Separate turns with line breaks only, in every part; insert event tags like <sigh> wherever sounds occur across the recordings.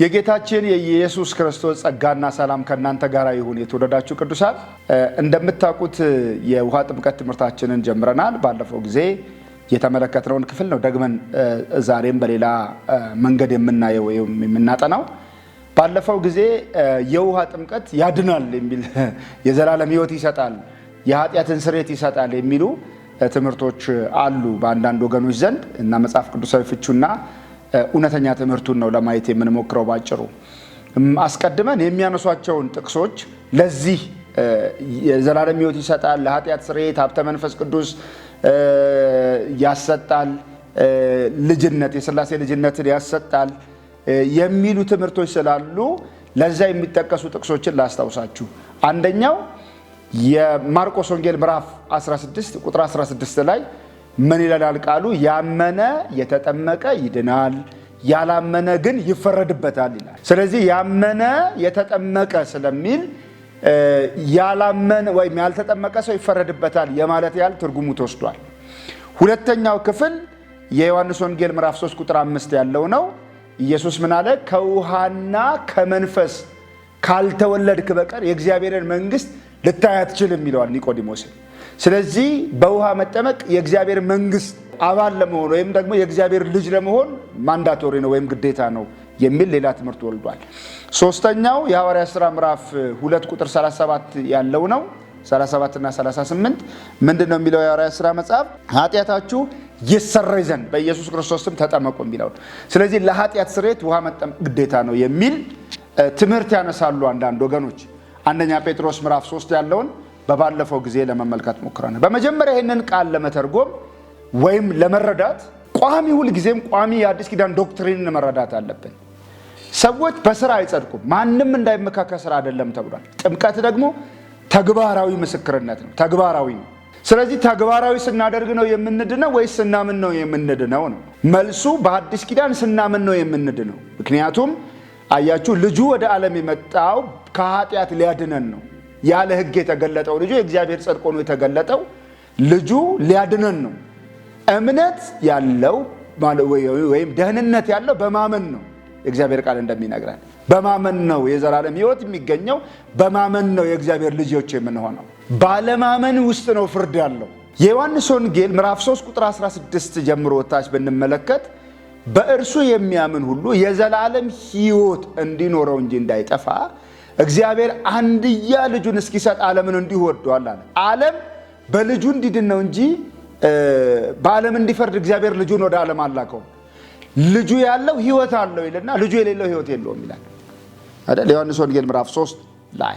የጌታችን የኢየሱስ ክርስቶስ ጸጋና ሰላም ከእናንተ ጋር ይሁን። የተወደዳችሁ ቅዱሳን፣ እንደምታውቁት የውሃ ጥምቀት ትምህርታችንን ጀምረናል። ባለፈው ጊዜ የተመለከትነውን ክፍል ነው ደግመን ዛሬም በሌላ መንገድ የምናየው የምናጠናው። ባለፈው ጊዜ የውሃ ጥምቀት ያድናል የሚል <laughs> የዘላለም ሕይወት ይሰጣል፣ የኃጢአትን ስሬት ይሰጣል የሚሉ ትምህርቶች አሉ በአንዳንድ ወገኖች ዘንድ እና መጽሐፍ ቅዱሳዊ ፍቹና እውነተኛ ትምህርቱን ነው ለማየት የምንሞክረው። ባጭሩ አስቀድመን የሚያነሷቸውን ጥቅሶች ለዚህ የዘላለም ሕይወት ይሰጣል፣ ለኃጢአት ስርየት ሀብተ መንፈስ ቅዱስ ያሰጣል፣ ልጅነት የስላሴ ልጅነትን ያሰጣል የሚሉ ትምህርቶች ስላሉ ለዛ የሚጠቀሱ ጥቅሶችን ላስታውሳችሁ። አንደኛው የማርቆስ ወንጌል ምዕራፍ 16 ቁጥር 16 ላይ ምን ይለናል ቃሉ? ያመነ የተጠመቀ ይድናል፣ ያላመነ ግን ይፈረድበታል ይላል። ስለዚህ ያመነ የተጠመቀ ስለሚል ያላመነ ወይም ያልተጠመቀ ሰው ይፈረድበታል የማለት ያህል ትርጉሙ ተወስዷል። ሁለተኛው ክፍል የዮሐንስ ወንጌል ምዕራፍ 3 ቁጥር 5 ያለው ነው። ኢየሱስ ምን አለ? ከውሃና ከመንፈስ ካልተወለድክ በቀር የእግዚአብሔርን መንግስት ልታይ አትችልም ይለዋል ኒቆዲሞስን። ስለዚህ በውሃ መጠመቅ የእግዚአብሔር መንግስት አባል ለመሆን ወይም ደግሞ የእግዚአብሔር ልጅ ለመሆን ማንዳቶሪ ነው ወይም ግዴታ ነው የሚል ሌላ ትምህርት ወልዷል። ሶስተኛው የሐዋርያ ስራ ምዕራፍ ሁለት ቁጥር 37 ያለው ነው 37 እና 38 ምንድን ነው የሚለው? የሐዋርያ ስራ መጽሐፍ ኃጢአታችሁ ይሰረይ ዘንድ በኢየሱስ ክርስቶስም ተጠመቁ የሚለው። ስለዚህ ለኃጢአት ስርየት ውሃ መጠመቅ ግዴታ ነው የሚል ትምህርት ያነሳሉ አንዳንድ ወገኖች። አንደኛ ጴጥሮስ ምዕራፍ 3 ያለውን በባለፈው ጊዜ ለመመልከት ሞክረናል። በመጀመሪያ ይህንን ቃል ለመተርጎም ወይም ለመረዳት ቋሚ ሁልጊዜም ቋሚ የአዲስ ኪዳን ዶክትሪንን መረዳት አለብን። ሰዎች በስራ አይጸድቁም፣ ማንም እንዳይመካከል ስራ አይደለም ተብሏል። ጥምቀት ደግሞ ተግባራዊ ምስክርነት ነው፣ ተግባራዊ ነው። ስለዚህ ተግባራዊ ስናደርግ ነው የምንድነው ወይስ ስናምን ነው የምንድነው ነው? መልሱ በአዲስ ኪዳን ስናምን ነው የምንድነው። ምክንያቱም አያችሁ ልጁ ወደ ዓለም የመጣው ከኃጢአት ሊያድነን ነው። ያለ ሕግ የተገለጠው ልጁ የእግዚአብሔር ጽድቅ ሆኖ የተገለጠው ልጁ ሊያድነን ነው። እምነት ያለው ወይም ደህንነት ያለው በማመን ነው። የእግዚአብሔር ቃል እንደሚነግረን በማመን ነው የዘላለም ህይወት የሚገኘው። በማመን ነው የእግዚአብሔር ልጆች የምንሆነው። ባለማመን ውስጥ ነው ፍርድ ያለው። የዮሐንስ ወንጌል ምዕራፍ 3 ቁጥር 16 ጀምሮ ወታች ብንመለከት በእርሱ የሚያምን ሁሉ የዘላለም ህይወት እንዲኖረው እንጂ እንዳይጠፋ እግዚአብሔር አንድያ ልጁን እስኪሰጥ ዓለምን እንዲሁ ወዷል አለ። ዓለም በልጁ እንዲድን ነው እንጂ በዓለም እንዲፈርድ እግዚአብሔር ልጁን ወደ ዓለም አላከውም። ልጁ ያለው ህይወት አለው ይልና ልጁ የሌለው ህይወት የለውም ይላል አይደል? ዮሐንስ ወንጌል ምዕራፍ 3 ላይ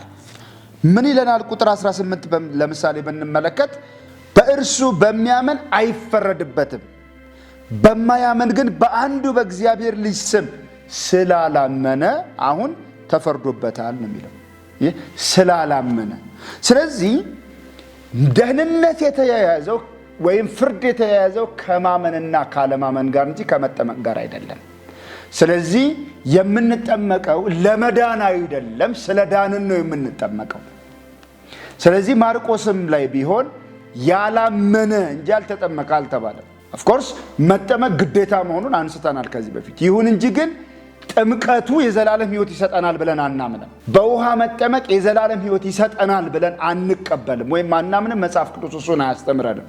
ምን ይለናል? ቁጥር 18 ለምሳሌ ብንመለከት በእርሱ በሚያምን አይፈረድበትም፣ በማያምን ግን በአንዱ በእግዚአብሔር ልጅ ስም ስላላመነ አሁን ተፈርዶበታል ነው የሚለው ይህ ስላላመነ። ስለዚህ ደህንነት የተያያዘው ወይም ፍርድ የተያያዘው ከማመንና ካለማመን ጋር እንጂ ከመጠመቅ ጋር አይደለም። ስለዚህ የምንጠመቀው ለመዳን አይደለም፣ ስለ ዳንን ነው የምንጠመቀው። ስለዚህ ማርቆስም ላይ ቢሆን ያላመነ እንጂ አልተጠመቀ አልተባለም። ኦፍኮርስ መጠመቅ ግዴታ መሆኑን አንስተናል ከዚህ በፊት። ይሁን እንጂ ግን ጥምቀቱ የዘላለም ሕይወት ይሰጠናል ብለን አናምንም። በውሃ መጠመቅ የዘላለም ሕይወት ይሰጠናል ብለን አንቀበልም ወይም አናምንም። መጽሐፍ ቅዱስ እሱን አያስተምረንም።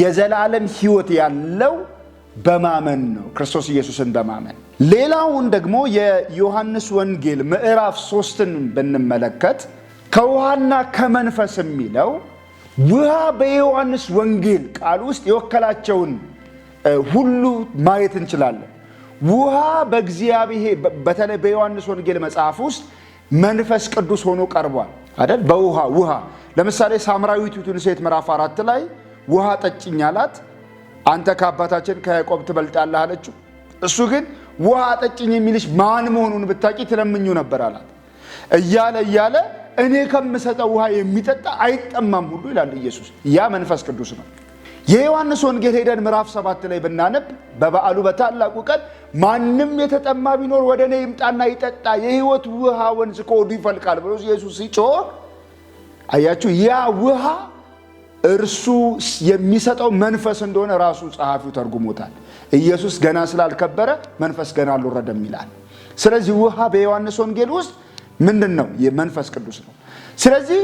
የዘላለም ሕይወት ያለው በማመን ነው፣ ክርስቶስ ኢየሱስን በማመን ሌላውን ደግሞ የዮሐንስ ወንጌል ምዕራፍ ሶስትን ብንመለከት ከውሃና ከመንፈስ የሚለው ውሃ በዮሐንስ ወንጌል ቃል ውስጥ የወከላቸውን ሁሉ ማየት እንችላለን። ውሃ በእግዚአብሔር በተለይ በዮሐንስ ወንጌል መጽሐፍ ውስጥ መንፈስ ቅዱስ ሆኖ ቀርቧል አይደል? በውሃ ውሃ ለምሳሌ ሳምራዊቱን ሴት ምዕራፍ አራት ላይ ውሃ ጠጭኝ አላት። አንተ ከአባታችን ከያዕቆብ ትበልጣለህ አለችው። እሱ ግን ውሃ ጠጭኝ የሚልሽ ማን መሆኑን ብታቂ ትለምኙ ነበር አላት። እያለ እያለ እኔ ከምሰጠው ውሃ የሚጠጣ አይጠማም ሁሉ ይላል ኢየሱስ። ያ መንፈስ ቅዱስ ነው። የዮሐንስ ወንጌል ሄደን ምዕራፍ ሰባት ላይ ብናነብ በበዓሉ በታላቁ ቀን ማንም የተጠማ ቢኖር ወደ እኔ ይምጣና ይጠጣ፣ የህይወት ውሃ ወንዝ ከሆዱ ይፈልቃል ብሎ ኢየሱስ ሲጮህ አያችሁ። ያ ውሃ እርሱ የሚሰጠው መንፈስ እንደሆነ ራሱ ጸሐፊው ተርጉሞታል። ኢየሱስ ገና ስላልከበረ መንፈስ ገና አልወረደም ይላል። ስለዚህ ውሃ በዮሐንስ ወንጌል ውስጥ ምንድን ነው? መንፈስ ቅዱስ ነው። ስለዚህ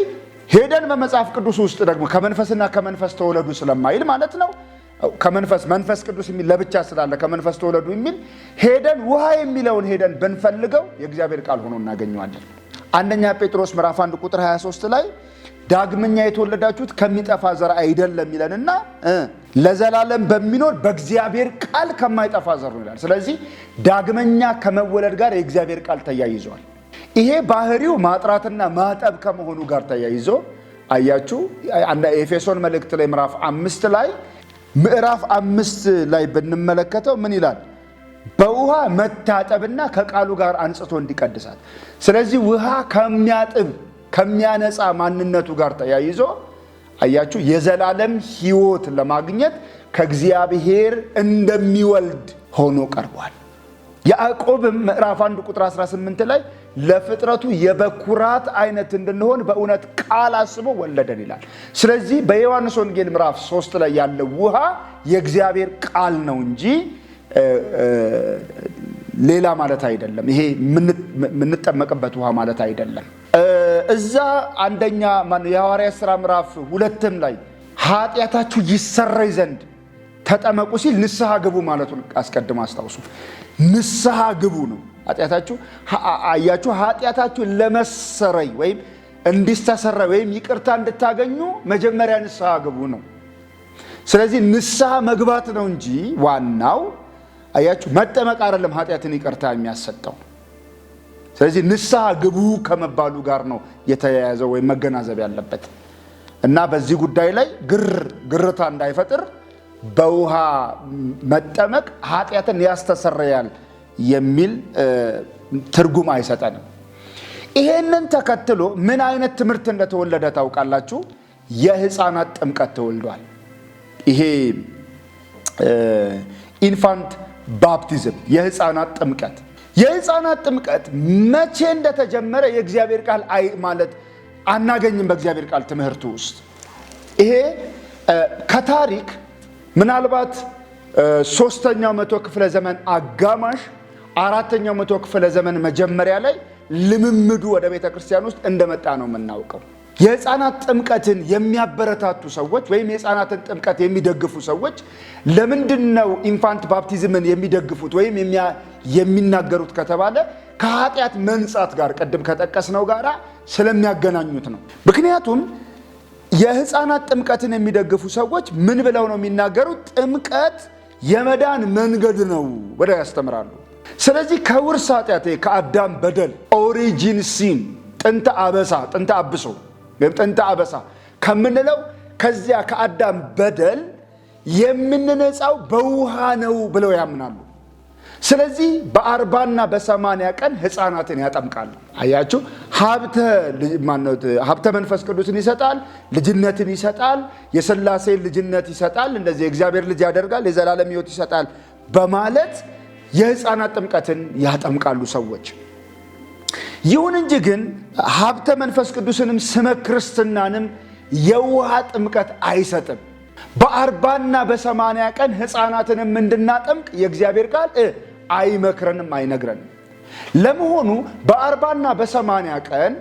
ሄደን በመጽሐፍ ቅዱስ ውስጥ ደግሞ ከመንፈስና ከመንፈስ ተወለዱ ስለማይል ማለት ነው ከመንፈስ መንፈስ ቅዱስ የሚል ለብቻ ስላለ ከመንፈስ ተወለዱ የሚል ሄደን ውሃ የሚለውን ሄደን ብንፈልገው የእግዚአብሔር ቃል ሆኖ እናገኘዋለን። አንደኛ ጴጥሮስ ምዕራፍ 1 ቁጥር 23 ላይ ዳግመኛ የተወለዳችሁት ከሚጠፋ ዘር አይደለም ይለንና ለዘላለም በሚኖር በእግዚአብሔር ቃል ከማይጠፋ ዘር ነው ይላል። ስለዚህ ዳግመኛ ከመወለድ ጋር የእግዚአብሔር ቃል ተያይዘዋል። ይሄ ባህሪው ማጥራትና ማጠብ ከመሆኑ ጋር ተያይዞ አያችሁ ኤፌሶን መልእክት ላይ ምዕራፍ አምስት ላይ ምዕራፍ አምስት ላይ ብንመለከተው ምን ይላል? በውሃ መታጠብና ከቃሉ ጋር አንጽቶ እንዲቀድሳት። ስለዚህ ውሃ ከሚያጥብ ከሚያነጻ ማንነቱ ጋር ተያይዞ አያችሁ የዘላለም ሕይወት ለማግኘት ከእግዚአብሔር እንደሚወልድ ሆኖ ቀርቧል። ያዕቆብ ምዕራፍ 1 ቁጥር 18 ላይ ለፍጥረቱ የበኩራት አይነት እንድንሆን በእውነት ቃል አስቦ ወለደን ይላል። ስለዚህ በዮሐንስ ወንጌል ምዕራፍ 3 ላይ ያለው ውሃ የእግዚአብሔር ቃል ነው እንጂ ሌላ ማለት አይደለም። ይሄ የምንጠመቅበት ውሃ ማለት አይደለም። እዛ አንደኛ የሐዋርያ ሥራ ምዕራፍ ሁለትም ላይ ኃጢአታችሁ ይሰረይ ዘንድ ተጠመቁ ሲል ንስሐ ግቡ ማለቱን አስቀድሞ አስታውሱ። ንስሐ ግቡ ነው። ኃጢአታችሁ አያችሁ፣ ኃጢአታችሁ ለመሰረይ ወይም እንዲስተሰረይ ወይም ይቅርታ እንድታገኙ መጀመሪያ ንስሐ ግቡ ነው። ስለዚህ ንስሐ መግባት ነው እንጂ ዋናው አያችሁ፣ መጠመቅ አይደለም ኃጢአትን ይቅርታ የሚያሰጠው። ስለዚህ ንስሐ ግቡ ከመባሉ ጋር ነው የተያያዘው ወይም መገናዘብ ያለበት እና በዚህ ጉዳይ ላይ ግር ግርታ እንዳይፈጥር በውሃ መጠመቅ ኃጢአትን ያስተሰርያል የሚል ትርጉም አይሰጠንም። ይሄንን ተከትሎ ምን አይነት ትምህርት እንደተወለደ ታውቃላችሁ? የህፃናት ጥምቀት ተወልዷል። ይሄ ኢንፋንት ባፕቲዝም የህፃናት ጥምቀት የህፃናት ጥምቀት መቼ እንደተጀመረ የእግዚአብሔር ቃል አይ ማለት አናገኝም። በእግዚአብሔር ቃል ትምህርቱ ውስጥ ይሄ ከታሪክ ምናልባት ሶስተኛው መቶ ክፍለ ዘመን አጋማሽ አራተኛው መቶ ክፍለ ዘመን መጀመሪያ ላይ ልምምዱ ወደ ቤተ ክርስቲያን ውስጥ እንደመጣ ነው የምናውቀው። የህፃናት ጥምቀትን የሚያበረታቱ ሰዎች ወይም የህፃናትን ጥምቀት የሚደግፉ ሰዎች ለምንድን ነው ኢንፋንት ባፕቲዝምን የሚደግፉት ወይም የሚናገሩት ከተባለ ከኃጢአት መንጻት ጋር ቅድም ከጠቀስነው ጋር ስለሚያገናኙት ነው። ምክንያቱም የህፃናት ጥምቀትን የሚደግፉ ሰዎች ምን ብለው ነው የሚናገሩት? ጥምቀት የመዳን መንገድ ነው ብለው ያስተምራሉ። ስለዚህ ከውርስ ኃጢአት ከአዳም በደል ኦሪጂን ሲን ጥንተ አበሳ ጥንተ አብሶ ወይም ጥንተ አበሳ ከምንለው ከዚያ ከአዳም በደል የምንነፃው በውሃ ነው ብለው ያምናሉ። ስለዚህ በአርባና በሰማንያ ቀን ህፃናትን ያጠምቃል አያችሁ ሀብተ መንፈስ ቅዱስን ይሰጣል፣ ልጅነትን ይሰጣል፣ የስላሴን ልጅነት ይሰጣል፣ እንደዚህ የእግዚአብሔር ልጅ ያደርጋል፣ የዘላለም ህይወት ይሰጣል በማለት የህፃናት ጥምቀትን ያጠምቃሉ ሰዎች። ይሁን እንጂ ግን ሀብተ መንፈስ ቅዱስንም ስመ ክርስትናንም የውሃ ጥምቀት አይሰጥም። በአርባና በሰማንያ ቀን ሕፃናትንም እንድናጠምቅ የእግዚአብሔር ቃል አይመክረንም፣ አይነግረንም። ለመሆኑ በአርባና በሰማንያ ቀን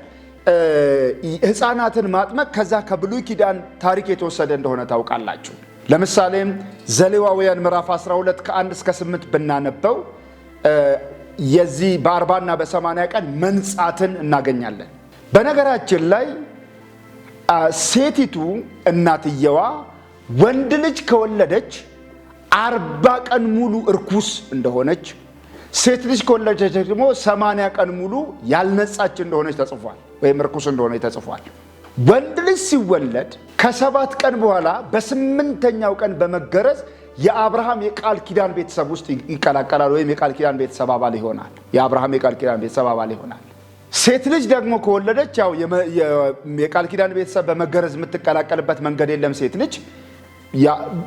ሕፃናትን ማጥመቅ ከዛ ከብሉይ ኪዳን ታሪክ የተወሰደ እንደሆነ ታውቃላችሁ። ለምሳሌም ዘሌዋውያን ምዕራፍ 12 ከ1 እስከ 8 ብናነበው የዚህ በአርባና በሰማንያ ቀን መንጻትን እናገኛለን። በነገራችን ላይ ሴቲቱ እናትየዋ ወንድ ልጅ ከወለደች አርባ ቀን ሙሉ እርኩስ እንደሆነች፣ ሴት ልጅ ከወለደች ደግሞ ሰማንያ ቀን ሙሉ ያልነጻች እንደሆነች ተጽፏል፣ ወይም እርኩስ እንደሆነች ተጽፏል። ወንድ ልጅ ሲወለድ ከሰባት ቀን በኋላ በስምንተኛው ቀን በመገረዝ የአብርሃም የቃል ኪዳን ቤተሰብ ውስጥ ይቀላቀላል፣ ወይም የቃል ኪዳን ቤተሰብ አባል ይሆናል። የአብርሃም የቃል ኪዳን ቤተሰብ አባል ይሆናል። ሴት ልጅ ደግሞ ከወለደች ያው የቃል ኪዳን ቤተሰብ በመገረዝ የምትቀላቀልበት መንገድ የለም ሴት ልጅ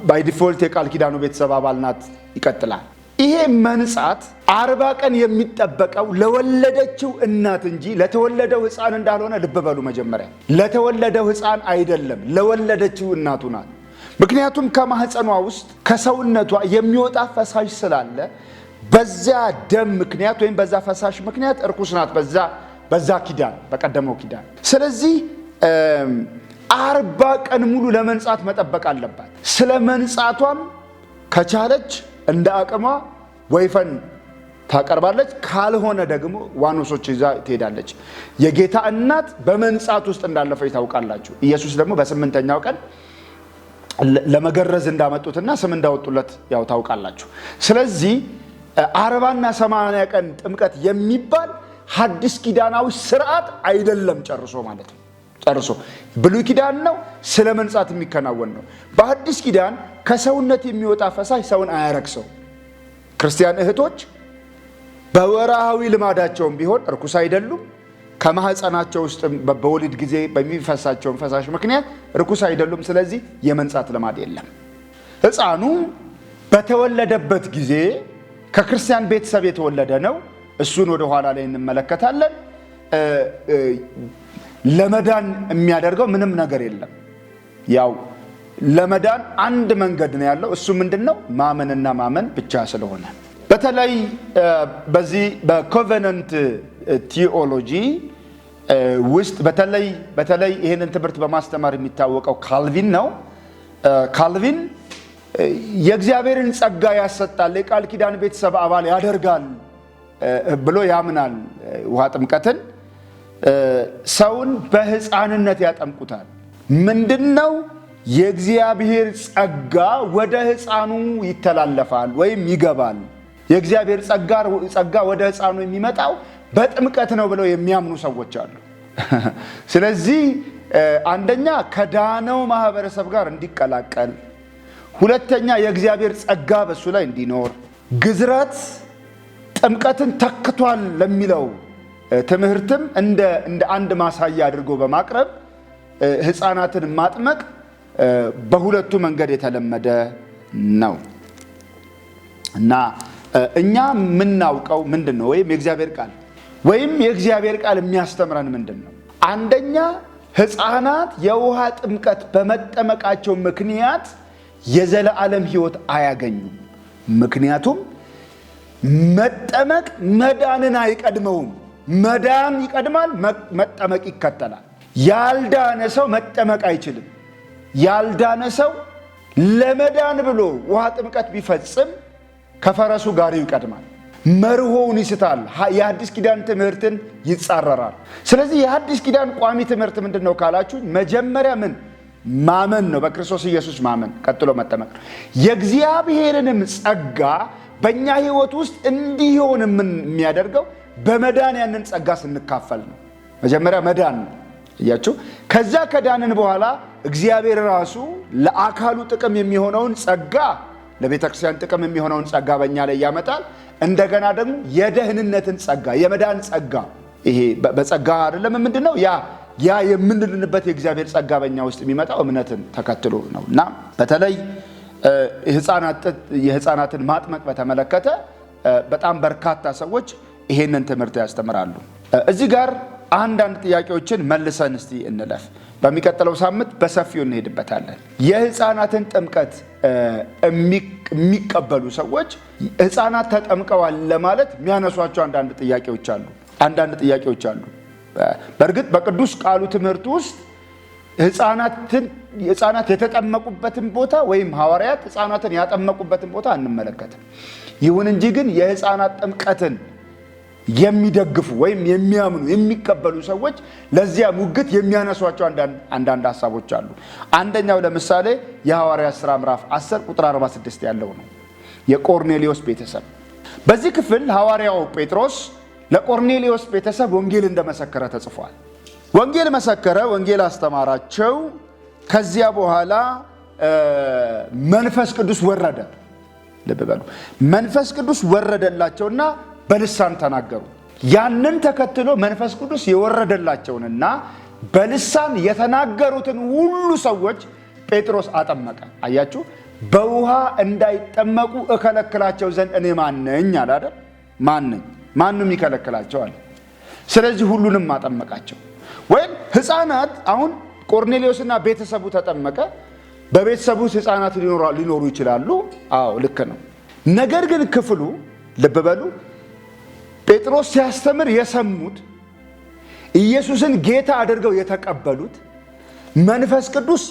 ባይ ዲፎልት የቃል ኪዳኑ ቤተሰብ አባል ናት። ይቀጥላል። ይሄ መንጻት አርባ ቀን የሚጠበቀው ለወለደችው እናት እንጂ ለተወለደው ሕፃን እንዳልሆነ ልብ በሉ። መጀመሪያ ለተወለደው ሕፃን አይደለም፣ ለወለደችው እናቱ ናት። ምክንያቱም ከማህፀኗ ውስጥ ከሰውነቷ የሚወጣ ፈሳሽ ስላለ በዛ ደም ምክንያት ወይም በዛ ፈሳሽ ምክንያት እርኩስ ናት። በዛ በዛ ኪዳን፣ በቀደመው ኪዳን ስለዚህ አርባ ቀን ሙሉ ለመንጻት መጠበቅ አለባት። ስለ መንጻቷም ከቻለች እንደ አቅሟ ወይፈን ታቀርባለች፣ ካልሆነ ደግሞ ዋኖሶች ይዛ ትሄዳለች። የጌታ እናት በመንጻት ውስጥ እንዳለፈች ታውቃላችሁ። ኢየሱስ ደግሞ በስምንተኛው ቀን ለመገረዝ እንዳመጡትና ስም እንዳወጡለት ያው ታውቃላችሁ። ስለዚህ አርባና ሰማንያ ቀን ጥምቀት የሚባል ሐዲስ ኪዳናዊ ስርዓት አይደለም ጨርሶ ማለት ነው። ጨርሶ ብሉይ ኪዳን ነው ስለ መንጻት የሚከናወን ነው። በአዲስ ኪዳን ከሰውነት የሚወጣ ፈሳሽ ሰውን አያረክሰው። ክርስቲያን እህቶች በወርሃዊ ልማዳቸውም ቢሆን እርኩስ አይደሉም። ከማህፀናቸው ውስጥ በወሊድ ጊዜ በሚፈሳቸውን ፈሳሽ ምክንያት እርኩስ አይደሉም። ስለዚህ የመንጻት ልማድ የለም። ሕፃኑ በተወለደበት ጊዜ ከክርስቲያን ቤተሰብ የተወለደ ነው። እሱን ወደ ኋላ ላይ እንመለከታለን። ለመዳን የሚያደርገው ምንም ነገር የለም። ያው ለመዳን አንድ መንገድ ነው ያለው። እሱ ምንድን ነው? ማመንና ማመን ብቻ ስለሆነ በተለይ በዚህ በኮቨነንት ቲኦሎጂ ውስጥ በተለይ በተለይ ይህንን ትምህርት በማስተማር የሚታወቀው ካልቪን ነው። ካልቪን የእግዚአብሔርን ጸጋ ያሰጣል፣ የቃል ኪዳን ቤተሰብ አባል ያደርጋል ብሎ ያምናል ውሃ ጥምቀትን ሰውን በሕፃንነት ያጠምቁታል። ምንድን ነው? የእግዚአብሔር ጸጋ ወደ ሕፃኑ ይተላለፋል ወይም ይገባል። የእግዚአብሔር ጸጋ ወደ ሕፃኑ የሚመጣው በጥምቀት ነው ብለው የሚያምኑ ሰዎች አሉ። <laughs> ስለዚህ አንደኛ ከዳነው ማህበረሰብ ጋር እንዲቀላቀል፣ ሁለተኛ የእግዚአብሔር ጸጋ በሱ ላይ እንዲኖር ግዝረት ጥምቀትን ተክቷል ለሚለው ትምህርትም እንደ አንድ ማሳያ አድርጎ በማቅረብ ህፃናትን ማጥመቅ በሁለቱ መንገድ የተለመደ ነው እና እኛ የምናውቀው ምንድን ነው ወይም የእግዚአብሔር ቃል ወይም የእግዚአብሔር ቃል የሚያስተምረን ምንድን ነው? አንደኛ ህፃናት የውሃ ጥምቀት በመጠመቃቸው ምክንያት የዘለዓለም ህይወት አያገኙም። ምክንያቱም መጠመቅ መዳንን አይቀድመውም። መዳን ይቀድማል፣ መጠመቅ ይከተላል። ያልዳነ ሰው መጠመቅ አይችልም። ያልዳነ ሰው ለመዳን ብሎ ውሃ ጥምቀት ቢፈጽም ከፈረሱ ጋሪው ይቀድማል። መርሆውን ይስታል። የአዲስ ኪዳን ትምህርትን ይጻረራል። ስለዚህ የአዲስ ኪዳን ቋሚ ትምህርት ምንድን ነው ካላችሁ፣ መጀመሪያ ምን ማመን ነው፣ በክርስቶስ ኢየሱስ ማመን፣ ቀጥሎ መጠመቅ ነው። የእግዚአብሔርንም ጸጋ በእኛ ሕይወት ውስጥ እንዲሆን የሚያደርገው በመዳን ያንን ጸጋ ስንካፈል ነው። መጀመሪያ መዳን ነው እያችሁ። ከዛ ከዳንን በኋላ እግዚአብሔር ራሱ ለአካሉ ጥቅም የሚሆነውን ጸጋ፣ ለቤተ ክርስቲያን ጥቅም የሚሆነውን ጸጋ በእኛ ላይ ያመጣል። እንደገና ደግሞ የደህንነትን ጸጋ፣ የመዳን ጸጋ ይሄ በጸጋ አይደለም። ምንድን ነው ያ ያ የምንድንበት የእግዚአብሔር ጸጋ በእኛ ውስጥ የሚመጣው እምነትን ተከትሎ ነው እና በተለይ የህፃናትን ማጥመቅ በተመለከተ በጣም በርካታ ሰዎች ይሄንን ትምህርት ያስተምራሉ። እዚህ ጋር አንዳንድ ጥያቄዎችን መልሰን እስቲ እንለፍ። በሚቀጥለው ሳምንት በሰፊው እንሄድበታለን። የህፃናትን ጥምቀት የሚቀበሉ ሰዎች ህፃናት ተጠምቀዋል ለማለት የሚያነሷቸው አንዳንድ ጥያቄዎች አሉ አንዳንድ ጥያቄዎች አሉ። በእርግጥ በቅዱስ ቃሉ ትምህርት ውስጥ ህፃናት የተጠመቁበትን ቦታ ወይም ሐዋርያት ህፃናትን ያጠመቁበትን ቦታ አንመለከትም። ይሁን እንጂ ግን የህፃናት ጥምቀትን የሚደግፉ ወይም የሚያምኑ የሚቀበሉ ሰዎች ለዚያ ሙግት የሚያነሷቸው አንዳንድ ሀሳቦች አሉ። አንደኛው ለምሳሌ የሐዋርያ ሥራ ምዕራፍ 10 ቁጥር 46 ያለው ነው፣ የቆርኔሌዎስ ቤተሰብ። በዚህ ክፍል ሐዋርያው ጴጥሮስ ለቆርኔሌዎስ ቤተሰብ ወንጌል እንደመሰከረ ተጽፏል። ወንጌል መሰከረ፣ ወንጌል አስተማራቸው። ከዚያ በኋላ መንፈስ ቅዱስ ወረደ። ልብ በሉ፣ መንፈስ ቅዱስ ወረደላቸውና በልሳን ተናገሩ። ያንን ተከትሎ መንፈስ ቅዱስ የወረደላቸውንና በልሳን የተናገሩትን ሁሉ ሰዎች ጴጥሮስ አጠመቀ። አያችሁ፣ በውሃ እንዳይጠመቁ እከለክላቸው ዘንድ እኔ ማነኝ አለ አይደል? ማነኝ? ማንም ይከለክላቸው አለ። ስለዚህ ሁሉንም አጠመቃቸው። ወይም ሕፃናት አሁን ቆርኔሌዎስና ቤተሰቡ ተጠመቀ። በቤተሰቡ ውስጥ ሕፃናት ሊኖሩ ይችላሉ። አዎ ልክ ነው። ነገር ግን ክፍሉ ልብ በሉ ጴጥሮስ ሲያስተምር የሰሙት ኢየሱስን ጌታ አድርገው የተቀበሉት መንፈስ ቅዱስ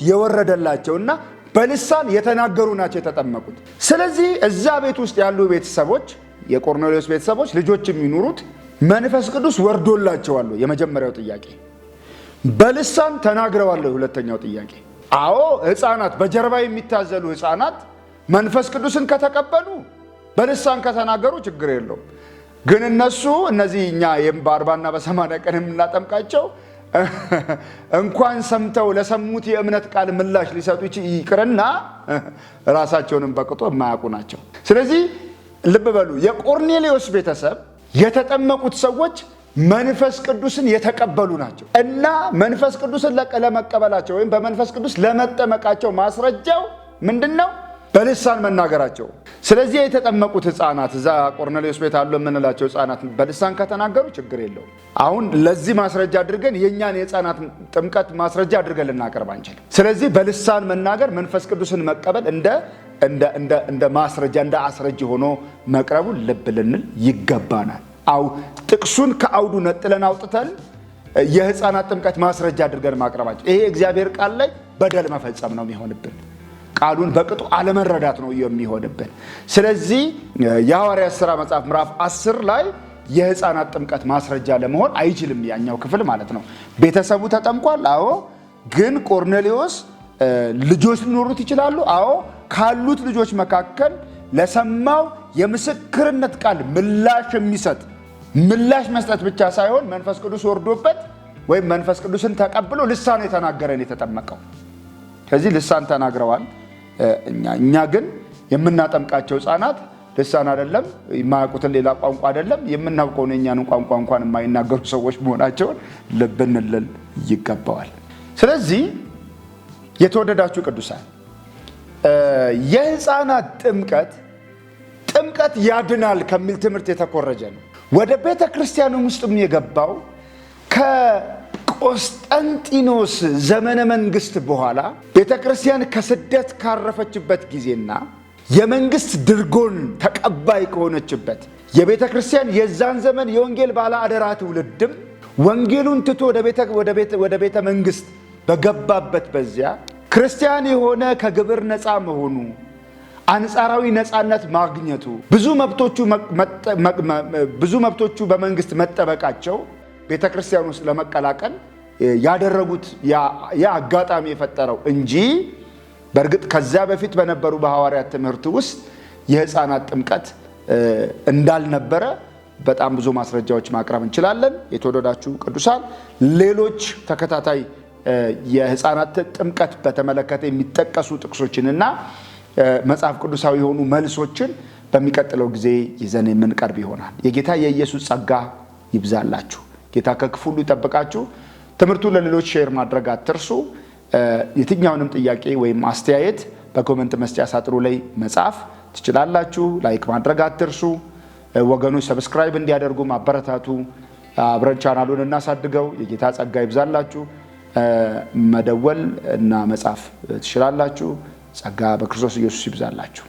እና በልሳን የተናገሩ ናቸው የተጠመቁት። ስለዚህ እዛ ቤት ውስጥ ያሉ ቤተሰቦች የቆርኔሌዎስ ቤተሰቦች ልጆች የሚኖሩት መንፈስ ቅዱስ ወርዶላቸዋል። የመጀመሪያው ጥያቄ በልሳን ተናግረዋል። ሁለተኛው ጥያቄ አዎ፣ ሕፃናት በጀርባ የሚታዘሉ ሕፃናት መንፈስ ቅዱስን ከተቀበሉ በልሳን ከተናገሩ ችግር የለውም። ግን እነሱ እነዚህ እኛ በአርባና በሰማንያ ቀን የምናጠምቃቸው <laughs> እንኳን ሰምተው ለሰሙት የእምነት ቃል ምላሽ ሊሰጡ ይቅርና <laughs> ራሳቸውንም በቅጦ የማያውቁ ናቸው። ስለዚህ ልብ በሉ፣ የቆርኔሌዎስ ቤተሰብ የተጠመቁት ሰዎች መንፈስ ቅዱስን የተቀበሉ ናቸው እና መንፈስ ቅዱስን ለመቀበላቸው ወይም በመንፈስ ቅዱስ ለመጠመቃቸው ማስረጃው ምንድን ነው? በልሳን መናገራቸው። ስለዚህ የተጠመቁት ህፃናት እዛ ቆርኔሌዎስ ቤት አሉ የምንላቸው ህፃናት በልሳን ከተናገሩ ችግር የለው። አሁን ለዚህ ማስረጃ አድርገን የእኛን የህፃናት ጥምቀት ማስረጃ አድርገን ልናቀርብ አንችልም። ስለዚህ በልሳን መናገር መንፈስ ቅዱስን መቀበል እንደ እንደ ማስረጃ እንደ አስረጅ ሆኖ መቅረቡ ልብ ልንል ይገባናል። አው ጥቅሱን ከአውዱ ነጥለን አውጥተን የህፃናት ጥምቀት ማስረጃ አድርገን ማቅረባቸው ይሄ እግዚአብሔር ቃል ላይ በደል መፈጸም ነው የሚሆንብን። ቃሉን በቅጡ አለመረዳት ነው የሚሆንብን። ስለዚህ የሐዋርያት ሥራ መጽሐፍ ምዕራፍ 10 ላይ የህፃናት ጥምቀት ማስረጃ ለመሆን አይችልም ያኛው ክፍል ማለት ነው። ቤተሰቡ ተጠምቋል። አዎ። ግን ቆርኔሌዎስ ልጆች ሊኖሩት ይችላሉ። አዎ። ካሉት ልጆች መካከል ለሰማው የምስክርነት ቃል ምላሽ የሚሰጥ ምላሽ መስጠት ብቻ ሳይሆን መንፈስ ቅዱስ ወርዶበት ወይም መንፈስ ቅዱስን ተቀብሎ ልሳን የተናገረን የተጠመቀው። ከዚህ ልሳን ተናግረዋል። እኛ ግን የምናጠምቃቸው ህፃናት ልሳን አይደለም፣ የማያውቁትን ሌላ ቋንቋ አይደለም፣ የምናውቀውን የእኛን ቋንቋ እንኳን የማይናገሩ ሰዎች መሆናቸውን ልብ ይገባዋል። ስለዚህ የተወደዳችሁ ቅዱሳን የህፃናት ጥምቀት ጥምቀት ያድናል ከሚል ትምህርት የተኮረጀ ነው። ወደ ቤተ ክርስቲያንም ውስጥም የገባው ከቆስጠንጢኖስ ዘመነ መንግስት በኋላ ቤተ ክርስቲያን ከስደት ካረፈችበት ጊዜና የመንግስት ድርጎን ተቀባይ ከሆነችበት የቤተ ክርስቲያን የዛን ዘመን የወንጌል ባለ አደራ ትውልድም ወንጌሉን ትቶ ወደ ቤተ መንግስት በገባበት በዚያ ክርስቲያን የሆነ ከግብር ነፃ መሆኑ አንጻራዊ ነፃነት ማግኘቱ ብዙ መብቶቹ በመንግስት መጠበቃቸው ቤተ ክርስቲያን ውስጥ ለመቀላቀል ያደረጉት ያ አጋጣሚ የፈጠረው እንጂ በእርግጥ ከዚያ በፊት በነበሩ በሐዋርያት ትምህርት ውስጥ የህፃናት ጥምቀት እንዳልነበረ በጣም ብዙ ማስረጃዎች ማቅረብ እንችላለን። የተወደዳችሁ ቅዱሳን፣ ሌሎች ተከታታይ የህፃናት ጥምቀት በተመለከተ የሚጠቀሱ ጥቅሶችንና መጽሐፍ ቅዱሳዊ የሆኑ መልሶችን በሚቀጥለው ጊዜ ይዘን የምንቀርብ ይሆናል። የጌታ የኢየሱስ ጸጋ ይብዛላችሁ። ጌታ ከክፉ ሁሉ ይጠብቃችሁ። ትምህርቱ ለሌሎች ሼር ማድረግ አትርሱ። የትኛውንም ጥያቄ ወይም አስተያየት በኮመንት መስጫ ሳጥሩ ላይ መጻፍ ትችላላችሁ። ላይክ ማድረግ አትርሱ። ወገኖች ሰብስክራይብ እንዲያደርጉ ማበረታቱ። አብረን ቻናሉን እናሳድገው። የጌታ ጸጋ ይብዛላችሁ። መደወል እና መጻፍ ትችላላችሁ። ጸጋ በክርስቶስ ኢየሱስ ይብዛላችሁ።